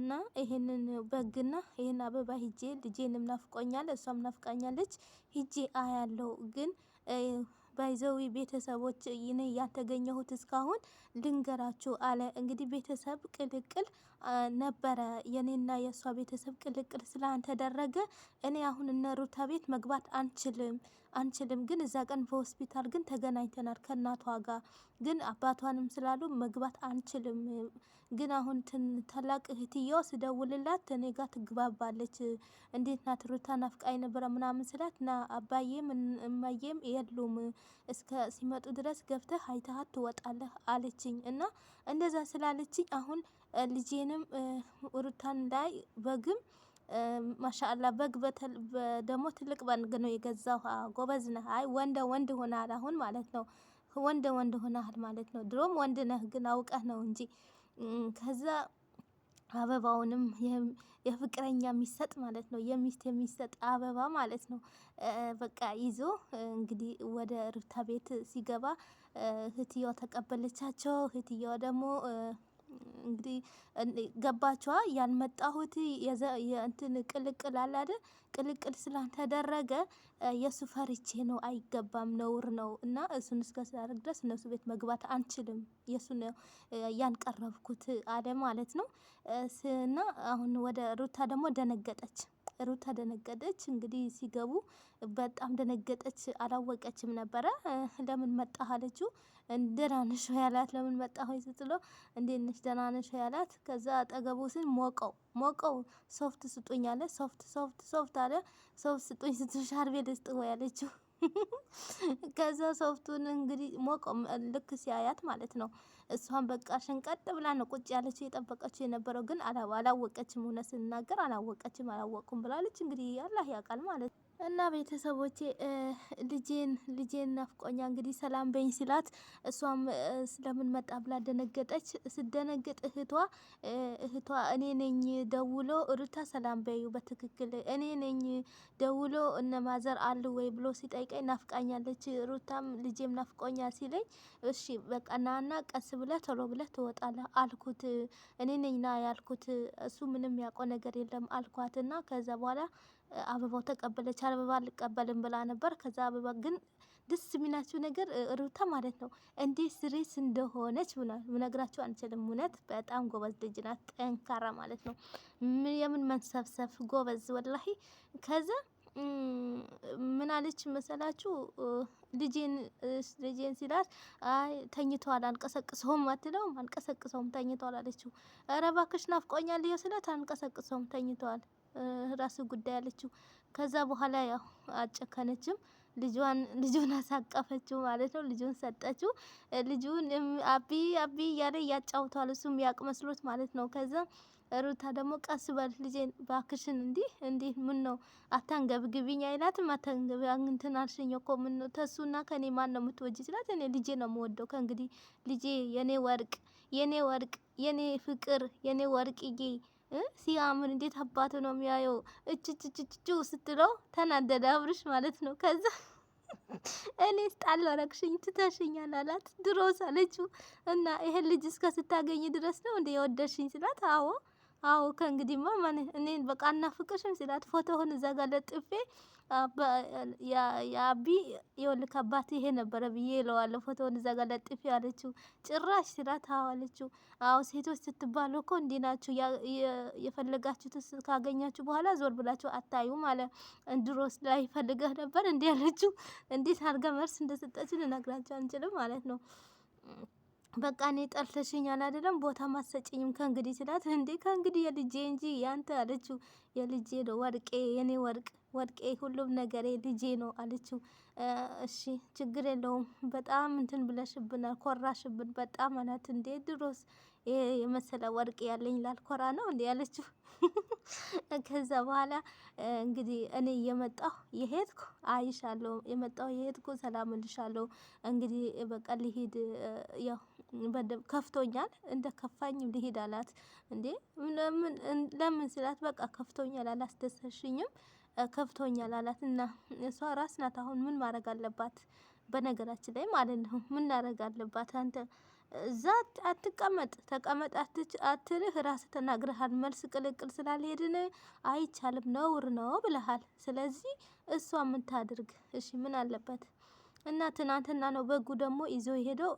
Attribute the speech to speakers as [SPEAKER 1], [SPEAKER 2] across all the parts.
[SPEAKER 1] እና ይሄንን በግና ይሄን አበባ ሂጄ ልጄንም ናፍቆኛል፣ እሷም ናፍቃኛለች። ሂጄ አያለው ግን ባይዘዊ ቤተሰቦች እኔ ያልተገኘሁት እስካሁን ልንገራችሁ አለ። እንግዲህ ቤተሰብ ቅልቅል ነበረ የኔና የእሷ ቤተሰብ ቅልቅል ስላልተደረገ እኔ አሁን እነ ሩታ ቤት መግባት አንችልም አንችልም። ግን እዛ ቀን በሆስፒታል ግን ተገናኝተናል ከእናቷ ጋር ግን አባቷንም ስላሉ መግባት አንችልም። ግን አሁን ታላቅ እህትየዋ ስደውልላት እኔ ጋር ትግባባለች። እንዴት ናት ሩታ ናፍቃኝ ነበረ ምናምን ስላት ና አባዬም እማዬም የሉም እስከ ሲመጡ ድረስ ገብተህ አይተሃት ትወጣለህ አለችኝ እና እንደዛ ስላለችኝ አሁን ልጄንም ሩታን ላይ በግም ማሻአላ በግ ደግሞ ትልቅ በግ ነው የገዛው። ጎበዝ ነህ። አይ ወንደ ወንድ ሆናል አሁን ማለት ነው። ወንደ ወንድ ሆናል ማለት ነው። ድሮም ወንድ ነህ ግን አውቀህ ነው እንጂ ከዛ አበባውንም የፍቅረኛ የሚሰጥ ማለት ነው፣ የሚስት የሚሰጥ አበባ ማለት ነው። በቃ ይዞ እንግዲህ ወደ ሩታ ቤት ሲገባ እህትየዋ ተቀበለቻቸው። እህትየዋ ደግሞ እንግዲህ ገባችኋ? ያልመጣሁት የእንትን ቅልቅል አለ አይደል? ቅልቅል ስላልተደረገ የእሱ ፈርቼ ነው። አይገባም፣ ነውር ነው እና እሱን እስከስላደርግ ድረስ እነሱ ቤት መግባት አንችልም። የእሱን ያንቀረብኩት አለ ማለት ነው። እና አሁን ወደ ሩታ ደግሞ ደነገጠች። ሩታ ደነገጠች። እንግዲህ ሲገቡ በጣም ደነገጠች፣ አላወቀችም ነበረ። ለምን መጣህ አለችው። ደህና ነሽ ያላት ለምን መጣህ ወይ ስትለው እንዴት ነሽ ደህና ነሽ ያላት። ከዛ አጠገቡ ስን ሞቀው ሞቀው ሶፍት ስጡኝ አለ። ሶፍት ሶፍት ሶፍት አለ። ሶፍት ስጡኝ ስትል ሻርቤ ልስጥ ወይ አለችው። ከዛ ሶፍቱን እንግዲህ ሞቅ ልክ ሲያያት ማለት ነው እሷን በቃ ሽንቀጥ ብላ ነው ቁጭ ያለችው የጠበቀችው የነበረው ግን አላወቀችም። እውነት ስንናገር አላወቀችም፣ አላወቁም ብላለች። እንግዲህ አላህ ያውቃል ማለት ነው። እና ቤተሰቦቼ ልጄን ልጄን ናፍቆኛ እንግዲህ ሰላም በኝ ሲላት እሷም ስለምን መጣ ብላ ደነገጠች። ስደነግጥ እህቷ እህቷ እኔ ነኝ ደውሎ ሩታ ሰላም በዩ በትክክል እኔ ነኝ ደውሎ እነ ማዘር አሉ ወይ ብሎ ሲጠይቀኝ ናፍቃኛለች ሩታም ልጄም ናፍቆኛ ሲለኝ እሺ በቃ ናና ቀስ ብለ ቶሎ ብለ ትወጣለ አልኩት። እኔ ነኝ ና ያልኩት እሱ ምንም ያውቀው ነገር የለም አልኳትና ከዛ በኋላ አበባው ተቀበለች። አበባ አልቀበልም ብላ ነበር። ከዛ አበባ ግን ደስ የሚላችሁ ነገር ሩታ ማለት ነው እንዴት ስሬስ እንደሆነች ምነግራችሁ አንችልም። እውነት በጣም ጎበዝ ልጅ ናት፣ ጠንካራ ማለት ነው። የምን መንሰብሰብ ጎበዝ ወላሂ። ከዛ ምን አለች መሰላችሁ? ልጄን ልጄን ሲላት አይ ተኝተዋል፣ አንቀሰቅሰውም አትለውም፣ አንቀሰቅሰውም ተኝተዋል አለችው። ኧረ እባክሽ ናፍቆኛል ስላት አንቀሰቅሰውም ተኝተዋል ራሱ ጉዳይ አለችው። ከዛ በኋላ ያው አጨከነችም። ልጇን ልጁን አሳቀፈችው ማለት ነው። ልጁን ሰጠችው። ልጁን አቢ አቢ እያለ እያጫውተዋል እሱም ያቅ መስሎት ማለት ነው። ከዛ ሩታ ደግሞ ቀስ በል ልጄን ባክሽን፣ እንዲህ እንዲህ ምን ነው አታንገብግቢኝ አይላትም። አታንገብ እንትን አልሽኝ እኮ ምን ነው ተሱና ከኔ ማን ነው የምትወጂ ስላት፣ እኔ ልጄ ነው የምወደው ከእንግዲህ ልጄ፣ የኔ ወርቅ፣ የኔ ወርቅ፣ የኔ ፍቅር፣ የኔ ወርቅዬ ሲያምር እንዴት አባቱ ነው የሚያየው እችችችችቹ ስትለው ተናደደ አብርሽ ማለት ነው። ከዛ እኔ ጣል አረግሽኝ ትተሽኛል አላት። ድሮስ አለችው እና ይሄን ልጅ እስከ ስታገኝ ድረስ ነው እንደ የወደድሽኝ ስላት አዎ አዎ ከእንግዲህ ማ እኔ በቃ እናፍቅሽም ስላት ፎቶውን እዛ ጋር ለጥፌ የአቢ የወልክ አባት ይሄ ነበረ ብዬ እለዋለሁ። ፎቶውን እዛ ጋር ለጥፍ ያለችው ጭራሽ ስራ ታዋለችው። አዎ ሴቶች ስትባሉ እኮ እንዲህ ናችሁ፣ የፈለጋችሁት ካገኛችሁ በኋላ ዞር ብላችሁ አታዩም አለ። ድሮስ ላይ ፈልገህ ነበር እንዲህ ያለችው። እንዴት አድርጋ መርስ እንደሰጠችን ልነግራችሁ አንችልም ማለት ነው። በቃ እኔ ጠርተሽኛል አይደለም ቦታ ማሰጭኝም ከእንግዲህ ስላት፣ እንዴ ከእንግዲህ የልጄ እንጂ ያንተ አለችው። የልጄ ነው ወርቄ፣ የኔ ወርቅ ወርቄ፣ ሁሉም ነገሬ ልጄ ነው አለችው። እሺ ችግር የለውም በጣም እንትን ብለሽብናል፣ ኮራሽብን በጣም አላት። እንዴ ድሮስ የመሰለ ወርቅ ያለኝ ላልኮራ ነው እንዲ ያለችው። ከዛ በኋላ እንግዲህ እኔ እየመጣሁ የሄድኩ አይሻለሁ፣ የመጣሁ የሄድኩ ሰላም እልሻለሁ። እንግዲህ በቃ ልሂድ፣ ያው ከፍቶኛል፣ እንደ ከፋኝ ልሂድ አላት። እንዴ ለምን ስላት፣ በቃ ከፍቶኛል፣ አላስደሰሽኝም፣ ከፍቶኛል አላት። እና እሷ ራስ ናት አሁን ምን ማድረግ አለባት? በነገራችን ላይ ማለት ነው ምን ማድረግ አለባት አንተ እዛ አትቀመጥ ተቀመጥ አትልህ ራስ ተናግረሃል። መልስ ቅልቅል ስላልሄድን አይቻልም ነውር ነው ብለሃል። ስለዚህ እሷ ምን ታድርግ? እሺ ምን አለበት? እና ትናንትና ነው በጉ ደግሞ ይዞ ሄደው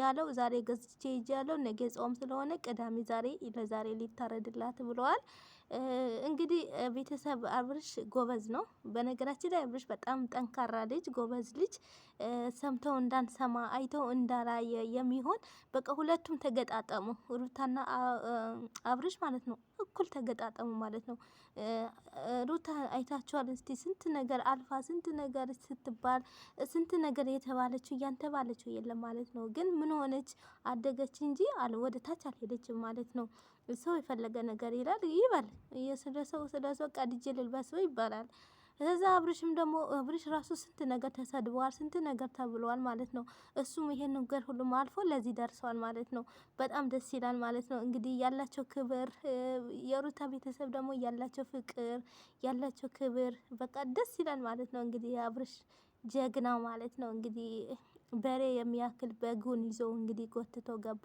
[SPEAKER 1] ያለው ዛሬ ገዝቼ ይዤ ያለው ነገ ጾም ስለሆነ ቅዳሜ ዛሬ ለዛሬ ሊታረድላት ብለዋል። እንግዲህ ቤተሰብ አብርሽ ጎበዝ ነው። በነገራችን ላይ አብርሽ በጣም ጠንካራ ልጅ፣ ጎበዝ ልጅ፣ ሰምተው እንዳንሰማ አይተው እንዳላየ የሚሆን በቃ ሁለቱም ተገጣጠሙ፣ ሩታና አብርሽ ማለት ነው። እኩል ተገጣጠሙ ማለት ነው። ሩታ አይታችኋል እስቲ ስንት ነገር አልፋ ስንት ነገር ስትባል ስንት ነገር የተባለችው እያንተባለችው የለም ማለት ነው። ግን ምን ሆነች አደገች እንጂ አለ ወደ ታች አልሄደችም ማለት ነው። ሰው የፈለገ ነገር ይላል ይበል የስለ ሰው ስለ ሰው ቀድጄ ልልበሰው ይባላል። እዛ አብርሽም ደግሞ አብርሽ ራሱ ስንት ነገር ተሰድበዋል፣ ስንት ነገር ተብለዋል ማለት ነው። እሱም ይሄን ነገር ሁሉም አልፎ ለዚህ ደርሰዋል ማለት ነው። በጣም ደስ ይላል ማለት ነው። እንግዲህ ያላቸው ክብር፣ የሩታ ቤተሰብ ደግሞ ያላቸው ፍቅር፣ ያላቸው ክብር በቃ ደስ ይላል ማለት ነው። እንግዲህ አብርሽ ጀግና ማለት ነው እንግዲህ በሬ የሚያክል በጉን ይዞ እንግዲህ ጎትቶ ገባ።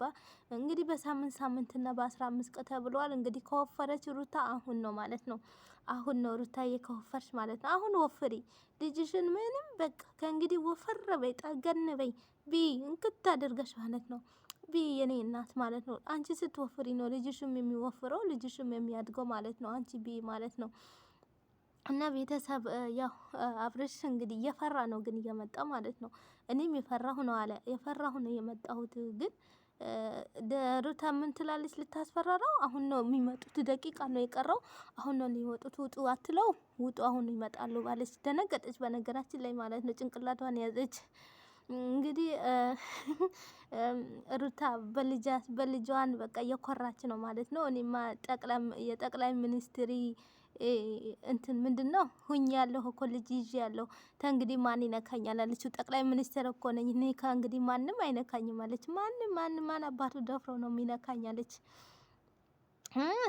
[SPEAKER 1] እንግዲህ በሳምንት ሳምንትና በአስራ አምስት ቀን ተብሏል። እንግዲህ ከወፈረች ሩታ አሁን ነው ማለት ነው። አሁን ነው ሩታዬ ከወፈርሽ ማለት ነው። አሁን ወፍሪ ልጅሽን ምንም በቃ ከእንግዲህ ወፈር በይ፣ ጠገን በይ፣ ቢ እንክት አድርገሽ ማለት ነው ቢ የኔ እናት ማለት ነው። አንቺ ስትወፍሪ ነው ልጅሽም የሚወፍረው ልጅሽም የሚያድገው ማለት ነው። አንቺ ቢ ማለት ነው። እና ቤተሰብ ያው አብርሽ እንግዲህ እየፈራ ነው ግን እየመጣ ማለት ነው። እኔም የፈራሁ ነው አለ የፈራሁ ነው የመጣሁት ግን ሩታ ምን ትላለች? ልታስፈራራው አሁን ነው የሚመጡት፣ ደቂቃ ነው የቀረው፣ አሁን ነው የሚወጡት፣ ውጡ አትለው፣ ውጡ አሁን ይመጣሉ ባለች ደነገጠች። በነገራችን ላይ ማለት ነው ጭንቅላቷን ያዘች። እንግዲህ ሩታ በልጇን በቃ እየኮራች ነው ማለት ነው። እኔማ የጠቅላይ ሚኒስትሪ እንትን ምንድን ነው ሁኝ ያለሁ እኮ ልጅ ይዤ ያለሁ ከእንግዲህ ማን ይነካኛል አለችው። ጠቅላይ ሚኒስትር እኮ ነኝ እኔ ከእንግዲህ ማንም አይነካኝም አለች። ማንም ማን ማን አባቱ ደፍሮ ነው የሚነካኝ አለች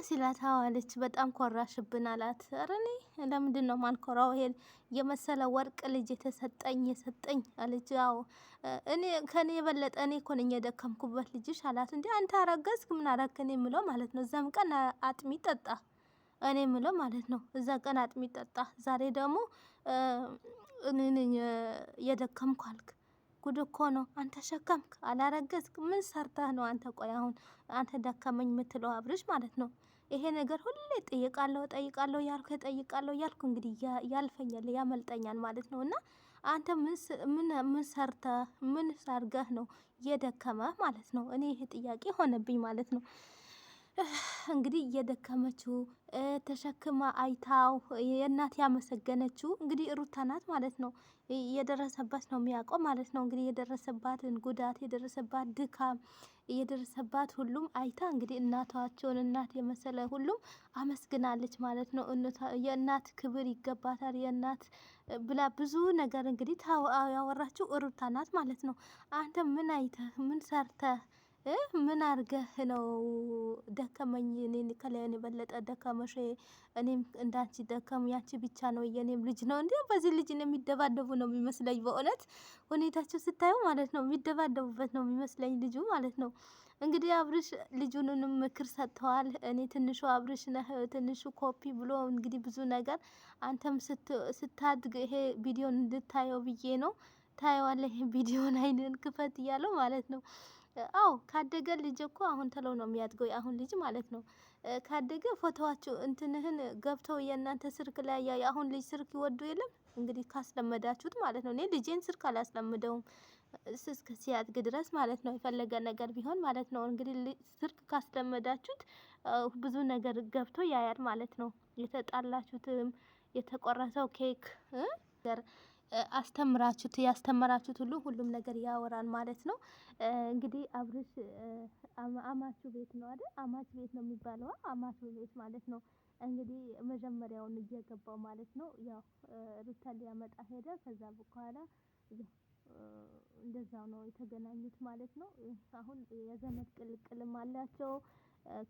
[SPEAKER 1] ሲላት አለች። በጣም ኮራሽብን አላት። ኧረ እኔ ለምንድን ነው ማልኮራው? ይሄን የመሰለ ወርቅ ልጅ የተሰጠኝ የሰጠኝ አለች። አዎ እኔ ከኔ የበለጠ እኔ እኮ ነኝ የደከምኩበት ልጅሽ አላት። እንዲ አንተ አረገዝክ ምን አረክን የምለው ማለት ነው። እዛም ቀን አጥሚ ጠጣ። እኔ ምለው ማለት ነው። እዛ ቀን አጥሚት ጠጣ፣ ዛሬ ደግሞ እኔ የደከምኩ አልክ። ጉድ እኮ ነው። አንተ ሸከምክ አላረገዝክ። ምን ሰርተህ ነው አንተ? ቆይ አሁን አንተ ደከመኝ የምትለው አብርሽ ማለት ነው። ይሄ ነገር ሁሌ ጠይቃለሁ ጠይቃለሁ ያልኩ ጠይቃለሁ ያልኩ እንግዲህ ያልፈኛል ያመልጠኛል ማለት ነው። እና አንተ ምን ሰርተህ ምን ሳርገህ ነው የደከመህ ማለት ነው? እኔ ይሄ ጥያቄ ሆነብኝ ማለት ነው። እንግዲህ እየደከመችው ተሸክማ አይታው የእናት ያመሰገነችው እንግዲህ ሩታ ናት ማለት ነው። እየደረሰባት ነው የሚያውቀው ማለት ነው። እንግዲህ የደረሰባትን ጉዳት፣ የደረሰባት ድካም፣ የደረሰባት ሁሉም አይታ እንግዲህ እናታቸውን እናት የመሰለ ሁሉም አመስግናለች ማለት ነው። የእናት ክብር ይገባታል የእናት ብላ ብዙ ነገር እንግዲህ ያወራችው ሩታ ናት ማለት ነው። አንተ ምን አይተህ ምን ሰርተህ ምን አርገህ ነው ደከመኝ? እኔን ከላይን የበለጠ ደከመሽ፣ እኔም እንዳንቺ ደከም፣ ያቺ ብቻ ነው የኔም ልጅ ነው። እንዲሁም በዚህ ልጅ የሚደባደቡ ነው የሚመስለኝ። በእውነት ሁኔታቸው ስታዩ ማለት ነው የሚደባደቡበት ነው የሚመስለኝ ልጁ ማለት ነው። እንግዲህ አብርሽ ልጁንንም ምክር ሰጥተዋል። እኔ ትንሹ አብርሽ ነህ ትንሹ ኮፒ ብሎ እንግዲህ ብዙ ነገር አንተም ስታድግ ይሄ ቪዲዮን እንድታየው ብዬ ነው ታየዋለህ ቪዲዮን አይንን ክፈት እያለው ማለት ነው። አዎ ካደገ ልጅ እኮ አሁን ተለው ነው የሚያድገው የአሁን ልጅ ማለት ነው። ካደገ ፎቶዋችሁ እንትንህን ገብተው የእናንተ ስልክ ላይ የአሁን ልጅ ስልክ ይወዱ የለም እንግዲህ ካስለመዳችሁት ማለት ነው። እኔ ልጄን ስልክ አላስለምደውም። እስከ ሲያድግ ድረስ ማለት ነው የፈለገ ነገር ቢሆን ማለት ነው እንግዲህ ስልክ ካስለመዳችሁት ብዙ ነገር ገብቶ ያያል ማለት ነው። የተጣላችሁትም የተቆረሰው ኬክ አስተምራችሁት ያስተምራችሁት ሁሉ ሁሉም ነገር ያወራል ማለት ነው። እንግዲህ አብርሽ አማቹ ቤት ነው አይደል? አማቹ ቤት ነው የሚባለው አማቹ ቤት ማለት ነው። እንግዲህ መጀመሪያውን እየገባው ማለት ነው። ያው ሩታ ሊያመጣ ሄደ። ከዛ በኋላ እንደዛው ነው የተገናኙት ማለት ነው። አሁን የዘመድ ቅልቅልም አላቸው።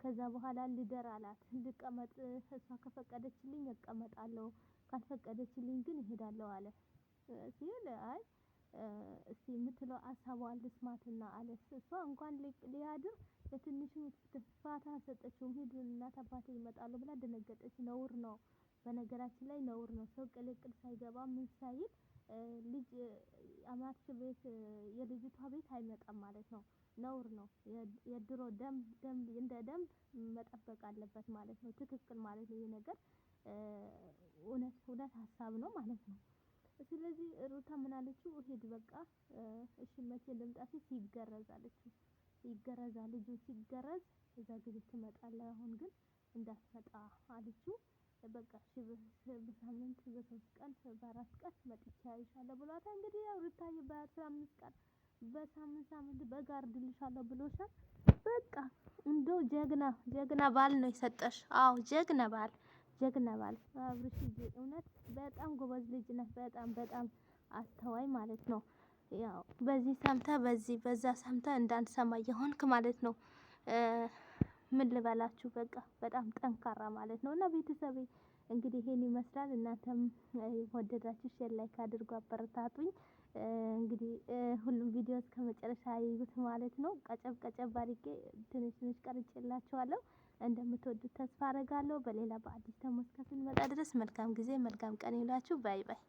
[SPEAKER 1] ከዛ በኋላ ሊደር አላት። ልቀመጥ እሷ ከፈቀደችልኝ እቀመጣለሁ፣ ካልፈቀደችልኝ ግን እሄዳለሁ አለ። ሲል አይ እስቲ የምትለው ሀሳቧን ልስማትና አለች። እሷ እንኳን ሊያድር ለትንሹ ፋታ ሰጠችው። ሂድ እናት አባቴ ይመጣሉ ብላ ደነገጠች። ነውር ነው፣ በነገራችን ላይ ነውር ነው። ሰው ቅልቅል ሳይገባ ምን ሳይል ልጅ አማች ቤት የልጅቷ ቤት አይመጣም ማለት ነው። ነውር ነው። የድሮ ደንብ ደንብ እንደ ደንብ መጠበቅ አለበት ማለት ነው። ትክክል ማለት ነው። ይህ ነገር እውነት እውነት ሀሳብ ነው ማለት ነው። ስለዚህ ሩታ ምን አለችው? ሂድ በቃ እሺ መቼ ልምጣ ሲል ይገረዝ አለችው። ይገረዛል ልጁ ሲገረዝ እዛ ጊዜ ትመጣለህ፣ አሁን ግን እንዳትመጣ አለችው። በቃ እሺ በሳምንት በሶስት ቀን በአራት ቀን መጥቻ ይሻለ ብሏታ። እንግዲህ ያው ሩታዬ በአስራ አምስት ቀን በሳምንት ሳምንት በጋርድልሻለሁ ብሎሻል። በቃ እንደው ጀግና ጀግና ባል ነው የሰጠሽ። አዎ ጀግና ባል ጀግና ባል አብርሽዬ፣ እውነት በጣም ጎበዝ ልጅ ነህ። በጣም በጣም አስተዋይ ማለት ነው። ያው በዚህ ሰምተ በዚህ በዛ ሰምተ እንዳንሰማ እየሆንክ ማለት ነው። ምን ልበላችሁ በቃ በጣም ጠንካራ ማለት ነው። እና ቤተሰብ እንግዲህ ይሄን ይመስላል። እናንተም ወደዳችሁ ሼር ላይክ አድርጉ፣ አበረታቱኝ። እንግዲህ ሁሉም ቪዲዮ እስከ መጨረሻ ማለት ነው። ቀጨብ ቀጨብ አድርጌ ትንሽ ትንሽ ቀርጬላችኋለሁ። እንደምትወዱት ተስፋ አረጋለሁ። በሌላ በአዲስ ደግሞ እስከምንመጣ ድረስ መልካም ጊዜ፣ መልካም ቀን ይላችሁ። ባይ ባይ።